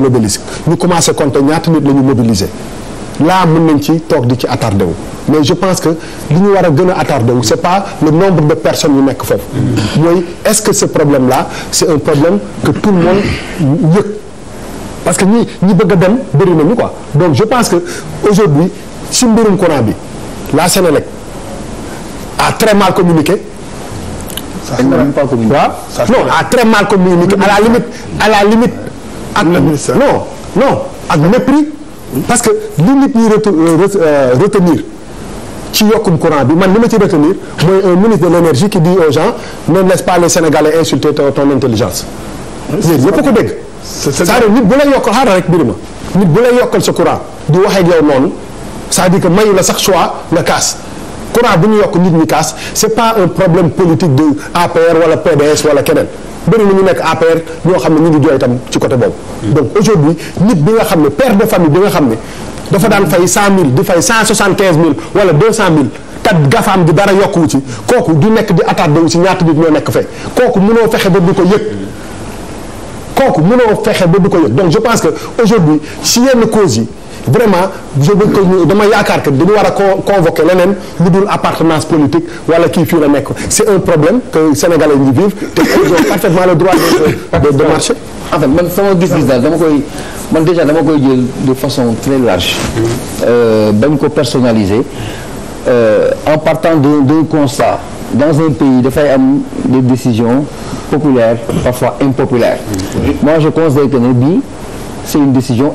place de ñu commencé compter ñaata nit la ñu mobiliser là mën nañ ci toog di ci attardé wu mais je pense que li ñu war a gën a c'est pas le nombre de personnes yu nekk foofu mooy est-ce que ce problème la c'est un problème que tout le monde yëg parce que ñi ñi bëgg a dem bëri nañu quoi donc je pense que aujourd'hui si mbirum courant bi la Sénélec a très mal communiqué n'a même pas communiqué waaw non a très mal communiqué à la la limite ak non non ak mépris parce que li nit ñi euh, euh, retenir ci yokkum courant bi man li ma ci retenir mooy un ministre de l'énergie qui dit aux gens ne laisse pas les Sénégalais insulter ton intelligence yéen nit bu yokk xaaral rek birima nit courant di wax ak yow noonu c'est-à-dire que mayu courant bu ñu yokk nit ñi kaas c'est pas un problème politique de APR wala PDS wala keneen bëri na ñu nekk APR ñoo xam ne ñu ngi jooy itam ci côté boobu. donc aujourd'hui nit bi nga xam ne père de famille bi nga xam ne dafa daan fay 100000 di fay 175000 wala 200000. kat gafaam bi dara yokkuwu ci kooku du nekk di attaque wu ci ñaata nit ñoo nekk fe kooku mënoo fexe ba du ko yëg kooku mënoo fexe ba du ko yëg donc je pense que aujourd'hui ci yenn cause yi vraiment je dama yaakaar que dañu war a convoquer leneen lu dul appartenance politique wala kii fii nekk c'est un problème que sénégalais ñu vivent te ils ont parfaitement le droit de de, de marcher. en fait man sama gis-gis daal koy man déjà de façon très large. Euh, bañ ko personnaliser euh, en partant de d'un constat. dans un pays dafay am des décisions populaires parfois impopulaires. moi je considère que ne bii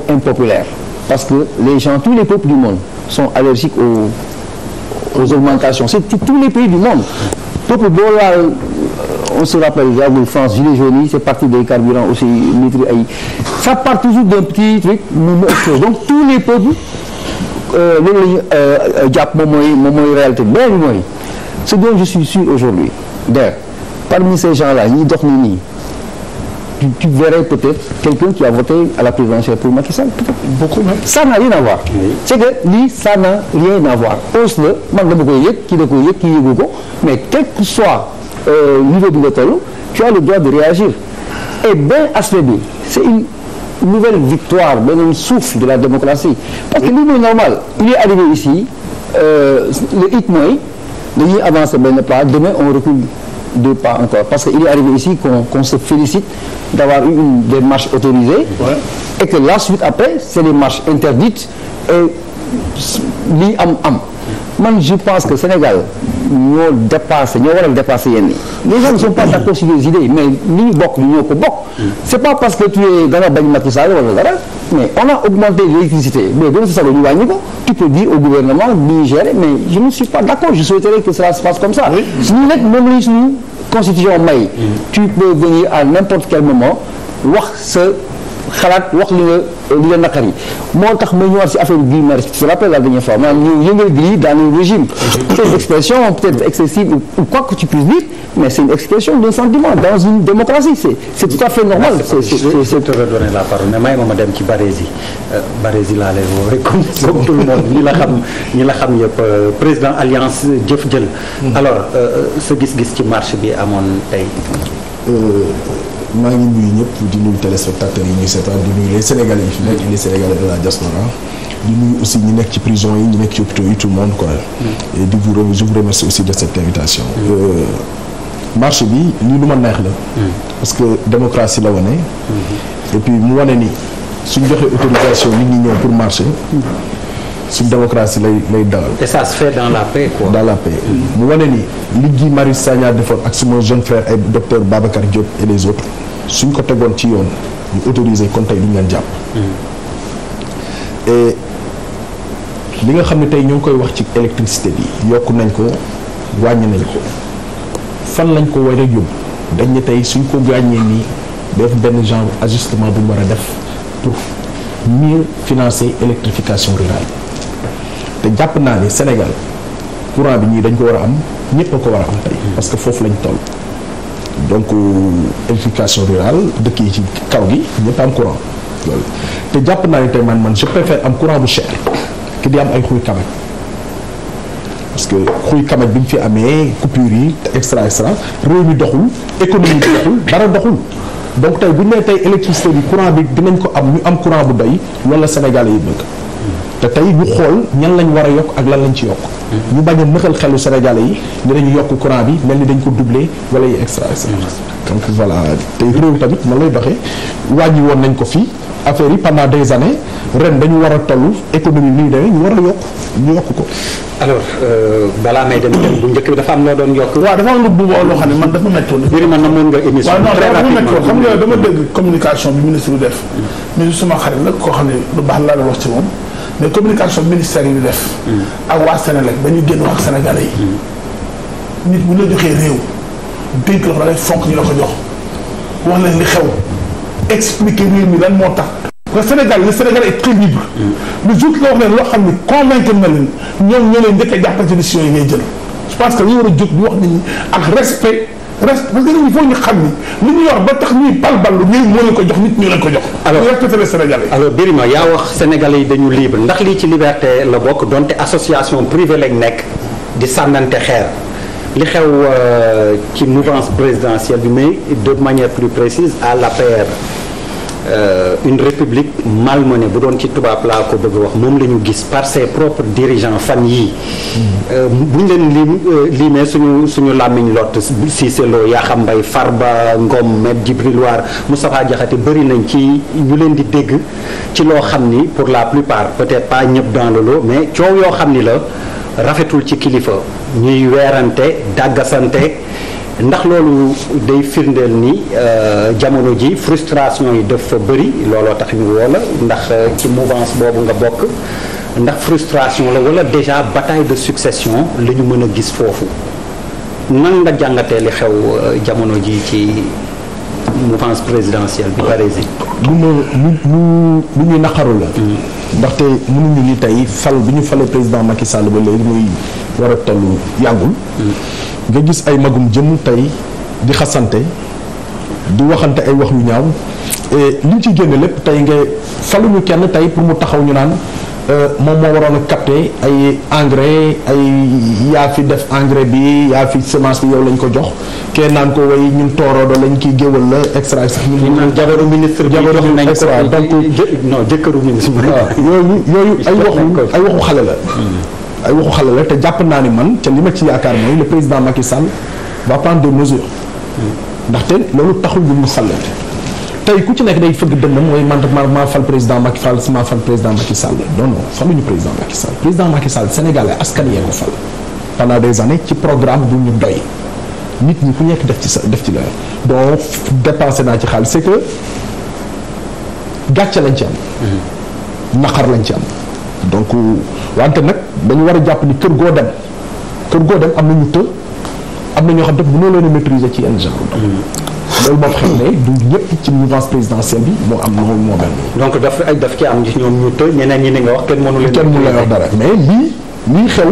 impopulaire. parce que les gens, tous les peuples du monde sont allergiques aux, aux augmentations. C'est tous les pays du monde. Peuple boo laal on se rappelle de France gilets jaunes yi c'est parti des carburants aussi nitri ay ça part toujours d'un petit truc mu explose donc tous les peuples euh, loolu la ñu euh, euh, jàpp moom mooy moom mooy réalité bi mooy ce dont je suis sûr aujourd'hui d'ailleurs parmi ces gens-là ñi dox ni nii tu, tu verrais peut-être quelqu'un qui a voté à la présidentielle pour Macky Sall beaucoup même ça n'a rien à voir oui. c'est que lii ça n'a rien à voir hausse la man dama koy yëg kii da koy yëg kii yëgu ko mais quel que soit euh, niveau bi nga toll tu as le droit de réagir et bien aspect bi c'est une nouvelle victoire beneen souffle de la démocratie parce que lii mooy normal il est arrivé ici euh, le hic mooy dañuy avancer benn pas demain on recule deux pas encore. Parce qu'il est arrivé ici qu'on qu se félicite d'avoir eu une, des marches autorisées ouais. et que la suite après, c'est les marches interdites et li am am. man je pense que Sénégal ñoo dépassé ñoo waral dépassé yenn yi les gens ne sont pas d'accord sur les idées mais li ñu bokk ñoo ko c'est pas parce que tu es da nga bañ Macky Sall wala mais on a augmenté l'électricité mais ba sa sago au gouvernement bi gérer mais je ne suis pas d'accord je souhaiterais que cela se passe comme ça. suñu nag moom la suñu constitution may. Mm-hmm. tu peux venir à n'importe quel moment wax sa. xalaat wax li nga li nga naqar moo tax may ñëwaat si affaire Guy Marius je rappelle la dernière fois maanaam ñu yëngal Guy dans le régime cette expression peut-être excessive ou quoi que tu puisses dire mais c'est une expression d'un sentiment dans une démocratie c'est c'est tout à fait normal c'est ma ma dem ci Barési euh, Barési laa lay woo rek comme comme tout le monde ñi la xam ñi la xam yëpp euh, président alliance jëf jël mm. alors euh, sa gis-gis ci marche bi amoon tey maa ngi nuyu ñëpp di nuyu téléspectateurs yi ñuy seetaan di nuyu les sénégalais yi fi nekk et les sénégalais de la diaspora di aussi ñi nekk ci prison yi ñi nekk ci hôpitaux yi tout le monde quoi. di vous je aussi de cette invitation. Mm. Euh, marche bi lii lu ma neex la. Mm. parce que démocratie la wane. Mm-hmm. et puis mu wane ni suñ joxee autorisation nit ñi ñëw pour marcher. Mm-hmm. suñ démocratie lay lay dalal. et ça se fait dans la paix quoi. la paix mu wane ni li Guy Marius Sagna defoon ak suma jeune frère ay docteur Babacar Diop et les suñ ko tegoon ci yoon ñu autorisé kon tey duñ leen jàpp. Mm. et li nga xam ne tey ñoo ngi koy wax ci électricité bi yokk nañ ko wàññi nañ ko fan lañ ko war a yóbbu dañ ne tey suñ ko gàññee nii def benn genre ajustement bu war a def pour mieux financer électrification rurale. te jàpp naa ne Sénégal courant bi ñii dañ ko war a am ñëpp a ko war a am tey parce que foofu lañ toll donc euh, éducation rural dëkk yi ci kaw gi ñëpp am courant te jàpp naa ni tey man man je préfère am courant bu cher ki di am ay xuy kamaj parce que xuy kamaj bi mu fi amee coupure yi extra extra réew mi doxul économie bi doxul dara doxul donc tey bu ñu nee tey électricité bi courant bi dinañ ko am ñu am courant bu doy loolu la yi bëgg. te tey ñu xool ñan lañ war a yokk ak lan lañu ci yokk. ñu bañ a nëxal xelu Sénégalais yi ne dañu yokk courant bi mel ni dañ ko doublé wala yi extra extra. donc tamit man lay doxee wàññi woon nañ ko fii affaire yi pendant des ren dañu war a toll économie bi ni ñu demee ñu war a yokk ñu yokk ko. alors euh, balaa may dem dem bu njëkk bi dafa am loo doon yokk. waaw dafa am loo xam ne man dafa méttoon. mbir ma namoon dama dégg communication bi ministre bi def. Mm. ministre suma xarit la koo xam ne lu baax laa la wax ci moom. mais communication ministère yi ñu def. Mm. ak waa Sénégal ba ñu génn wax Sénégalais yi. Mm. nit bu la joxee réew. dénk la ko rek fonk ñu la ko jox. wax leen li xew. expliquer réew mi lan moo tax. parce que Sénégal le Sénégal est très libre. le jour nga wax leen loo xam ne convaincre na leen ñoom ñoo leen njëkk a jàppale ci décision yi ngay jël. je pense que li war a jóg di wax nit ñi ak respect. reste parce que il faut ñu xam ni lu ñu yor ba tax ñuy balballu ñun moo leen ko jox nit ñu leen ko jox. alors respecté les sénégalais. alors Birima yaa wax sénégalais yi dañu libre ndax li ci liberté la bokk donte association privée lañ nekk di sànnante xeer li xew euh, ci mouvance présidentielle bi mais de manière plus précise à l'APR. Euh, une république malmenée bu doon ci tubaab laa ko bëgg wax moom lañu gis par ses propres dirigeants fan yii euh, bu ñu leen lim euh, limee suñu suñu làmmiñ lott Cissé Lo Yakham Mbaye Farba Ngom Maître Djibril War Moustapha Diakhaté bëri nañ ci ñu leen di dégg ci loo xam ni pour la plupart peut-être pas ñëpp dans le lot mais coow yoo xam ni la rafetul ci kilifa ñuy weerante dàggasante ndax loolu day firndeel ni euh, jamono ji frustration yi dafa bëri looloo tax ñu woo la ndax euh, ci mouvance boobu nga bokk ndax frustration la wala déjà bataille de succession la ñu mën a gis foofu nan nga jàngatee li xew euh, jamono ji ci mouvance présidentielle bi parési lu ma lu lu lu ñu naqaru la mm. ndaxte mënuñu ni tey fal bi ñu falee président Macky Sall ba léegi muy war a toll yàggul nga gis ay magum jëm tey di xasante di waxante ay wax yu ñaaw et liñ ci génne lépp tey nga faluñu kenn tey pour mu taxaw ñu naan euh, moom moo waroon a capté ay engrais ay yaa fi def engrais bi yaa fi semence bi yow lañ ko jox kenn naan ko way ñun tooroodo lañ kii géwal la extra extra ñu naan jabaru ministre bi jox nañ extra donc non jëkkëru ministre yooyu yooyu ay waxu ay waxu xale la hmm. ay waxu xale la te jàpp naa ni man ca li ma ci yaakaar mooy le président Macky Sall va prendre des mesures ndaxte loolu taxul ñu mu xalaat tey ku ci nekk day fëgg dëndam mooy man maa fal président Macky Sall si maa fal président Macky Sall non non président Macky Sall président Macky Sall Sénégalais askan yee ko fal pendant des années ci programme bu ñu doy nit ñi ku nekk def ci sa def ci la donc dépensé naa ci xaalis c'est que gàcce lañ ci am mm-hmm. naqar lañ ci am donc wante nag dañu war a jàpp ni kër goo dem kër goo dem am na ñu të am na ñoo xam ne mënoo leen a maîtriser ci un genre. Hmm. loolu moo xam ne du ñëpp ci mouvance présidentielle bi moo am loolu moo mel. donc daf daf ci am ñoom ñu të ñeneen ñi ni nga wax kenn mënu leen. kenn mënu leen dara mais lii. lii xew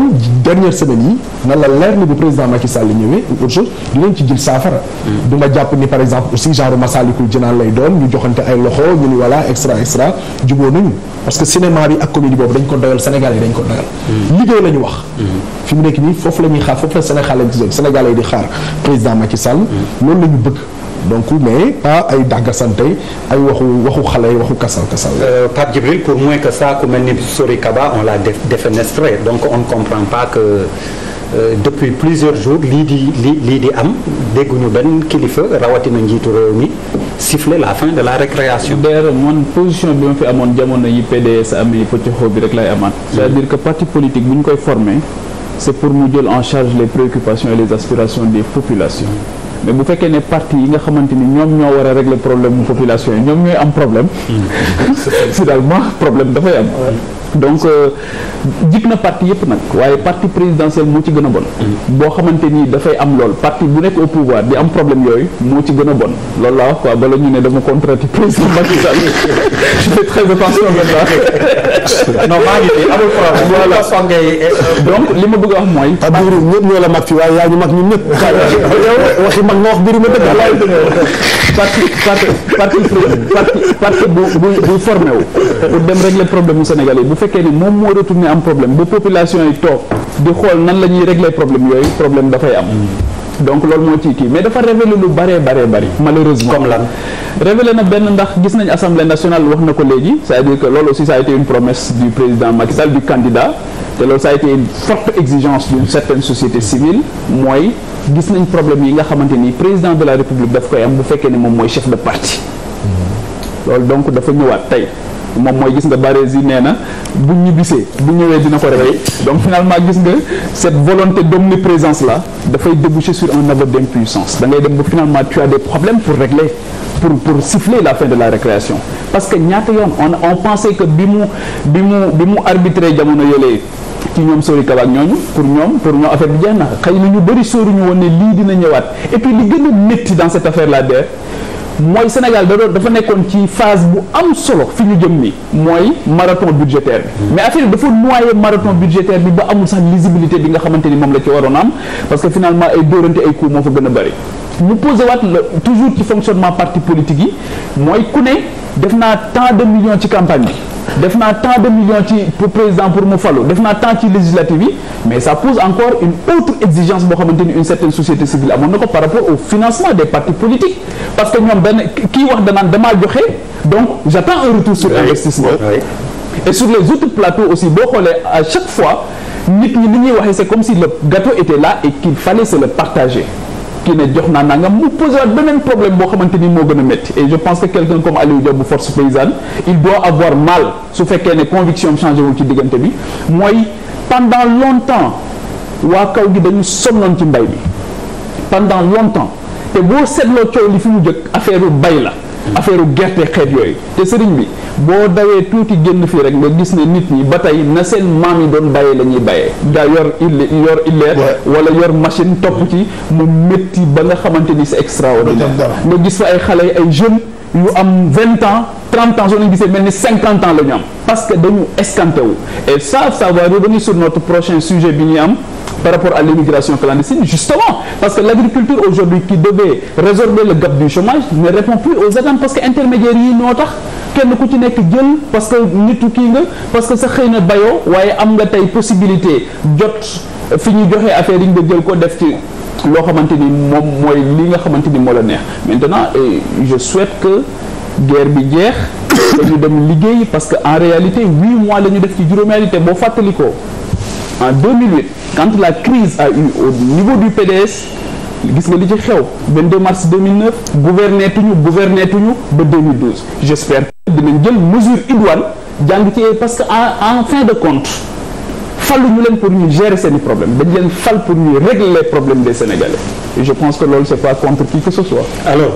dernière semaine yi na la leer ni bu président Macky Sall ñëwee ou autre chose dinañ ci jël saafara. Mm. du ma jàpp ni par exemple aussi genre Massalikul Jinaan lay doon ñu joxante ay loxo ñu ni voilà extra extra juboo nañu parce que cinéma bi ak comédie boobu dañ ko doyal Sénégal yi dañ ko doyal. Mm. liggéey la ñu wax. Mm. fi mu nekk nii foofu la ñuy xaar foofu la Sénégal lañ ci di xaar président Macky Sall. loolu la ñu bëgg. donc mais pas ay dàggasante ay waxu waxu xale waxu kasal kasal. Euh, Pape Djibril pour moins que ça ku mel ni Sori Kaba on l'a défenestré donc on ne comprend pas que. Euh, depuis plusieurs jours lii di li lii di am dégguñu benn kilifa rawatina njiitu réew mi siffler la fin de la récréation. d'ailleurs man position bi ma fi amoon jamono yi PDS amee pëcc bi rek lay amaat. Mm. c'est-à-dire que parti politique bu ñu koy former c'est pour mu jël en charge les préoccupations des populations. mais bu fekkee ne partie yi nga xamante ni ñoom ñoo war a régler problème mu population yi ñoom ñooy am problème finalement mm. problème dafay am donc euh, jig na parti yëpp nag waaye parti présidentiel moo ci gën a bon mm-hmm. boo xamante nii dafay am lool parti bu nekk au pouvoir di am problème yooyu moo ci gën a bon lool laa wax quoi bala ñu ne dama contrati président Macky Sall je fais très attention maintenant non eh, euh, li ma bëgg a mooy Abdourou ah, ñëpp ñoo la mag fi waaye yaa ñu mag ñun ñëpp waxi mag wax biru ma dëgg laay parti parti parti bu bu pour dem régler problème mu Sénégalais fekkee ni moom moo retourné am problème ba population yi toog di xool nan la ñuy régler problème yooyu problème dafay am. donc loolu moo ciy mais dafa révélé lu bare bëree bëri malheureusement comme lan révélé na benn ndax gis nañ assemblée nationale wax na ko léegi c'est-à-dire que loolu aussi ça a été une promesse du président Macky Sall du candidat te loolu ça été une forte exigence d'une certaine société civile mooy gis nañ problème yi nga xamante ni président de la république daf koy am bu fekkee ne moom mooy chef de parti hmm. loolu donc dafa ñëwaat tey moom mooy gis nga Barési nee na bu ñibbisee bu ñëwee dina ko réveiller donc finalement gis nga cette volonté d'omniprésence là dafay déboucher sur un aveu d'impuissance dangay dem ba finalement tu as des problèmes pour régler pour pour siffler la fin de la récréation parce que ñaata yoon on on pensait que bi mu bi mu bi mu arbitré jamono yële ci ñoom sori kabaak ñooñu pour ñoom pour ñoom affaire bi jeex na xëy na ñu bëri sóoruñu woon ne lii dina ñëwaat et puis li gën a métti dans mooy Sénégal da dafa nekkoon ci phase bu am solo fi ñu jëm nii mooy marathon budgétaire bi mais affaire dafa noyé marathon budgétaire bi ba amul sax lisibilité bi nga xamante ni moom la ci waroon am parce que finalement ay dóorante ay coup moo fa gën a bëri ñu posé waat la toujours ci fonctionnement parti politique yi mooy ku ne def naa tant de millions ci campagne bi def naa tant de millions ci pour président pour mu falu def naa tant ci législative yi mais ça pose encore une autre exigence boo xamante ni une certaine société civile amoon na ko par rapport au financement des partis politiques parce que ñoom benn kii wax danaan damaa joxe donc j'attends un retour sur investissement et sur les autres plateaux aussi boo xoolee à chaque fois nit ni ñuy waxee c'est comme si le gâteau était là et qu'il fallait kii ne jox naa nangam mu poser beneen problème boo xamante ni moo gën a métti et je pense que quelqu'un comme Aliou Diop bu force paysanne il doit avoir mal su fekkee ne conviction changé wul ci diggante bi mooy pendant longtemps waa kaw gi dañu sonnoon ci mbay bi pendant longtemps te boo seetloo coow li fi mu jëkk affaire bay la affaire gerte xeet yooyu te sëriñ bi boo dawee tuuti génn fii rek nga gis ne nit ñi ba tey na seen maam yi doon bayee la ñuy bayee daa yor ille yor illeer wala yor machine topp ci mu métti ba nga xamante ni c'est extraordinaire nga gis fa ay xale ay jeunes yu am vingt ans trente ans soo leen gisee mel ni cinquante ans lañu am parce que dañu escanté wu et ça ça va revenir sur notre prochain sujet bi ñuy am par rapport à l'immigration clandestine justement parce que l'agriculture aujourd'hui qui devait résorber le gap du chômage ne répond plus aux attentes parce que intermédiaires yi noo tax kenn ku ci nekk jël parce que nitu kii nga parce que sa xëy na bayoo waaye am nga tey possibilité jot fi ñu joxee affaire yi nga jël ko def ci loo xamante ni moom mooy li nga xamante ni moo la neex maintenant je souhaite que guerre bi jeex dañu dem liggéey parce que en réalité huit mois la ñu def ci juróomi réalité boo fàttalikoo en 2008 quand la crise a eu au niveau du PDS gis nga li ci xew 22 mars 2009 gouverner tuñu gouverner tuñu ba 2012 j'espère que dinañ jël mesure idoine jàng ci parce que en en fin de compte falu ñu leen pour ñu gérer seeni problème dañ leen fal pour ñu régler les problèmes des Sénégalais je pense que loolu c'est pas contre qui que ce soit alors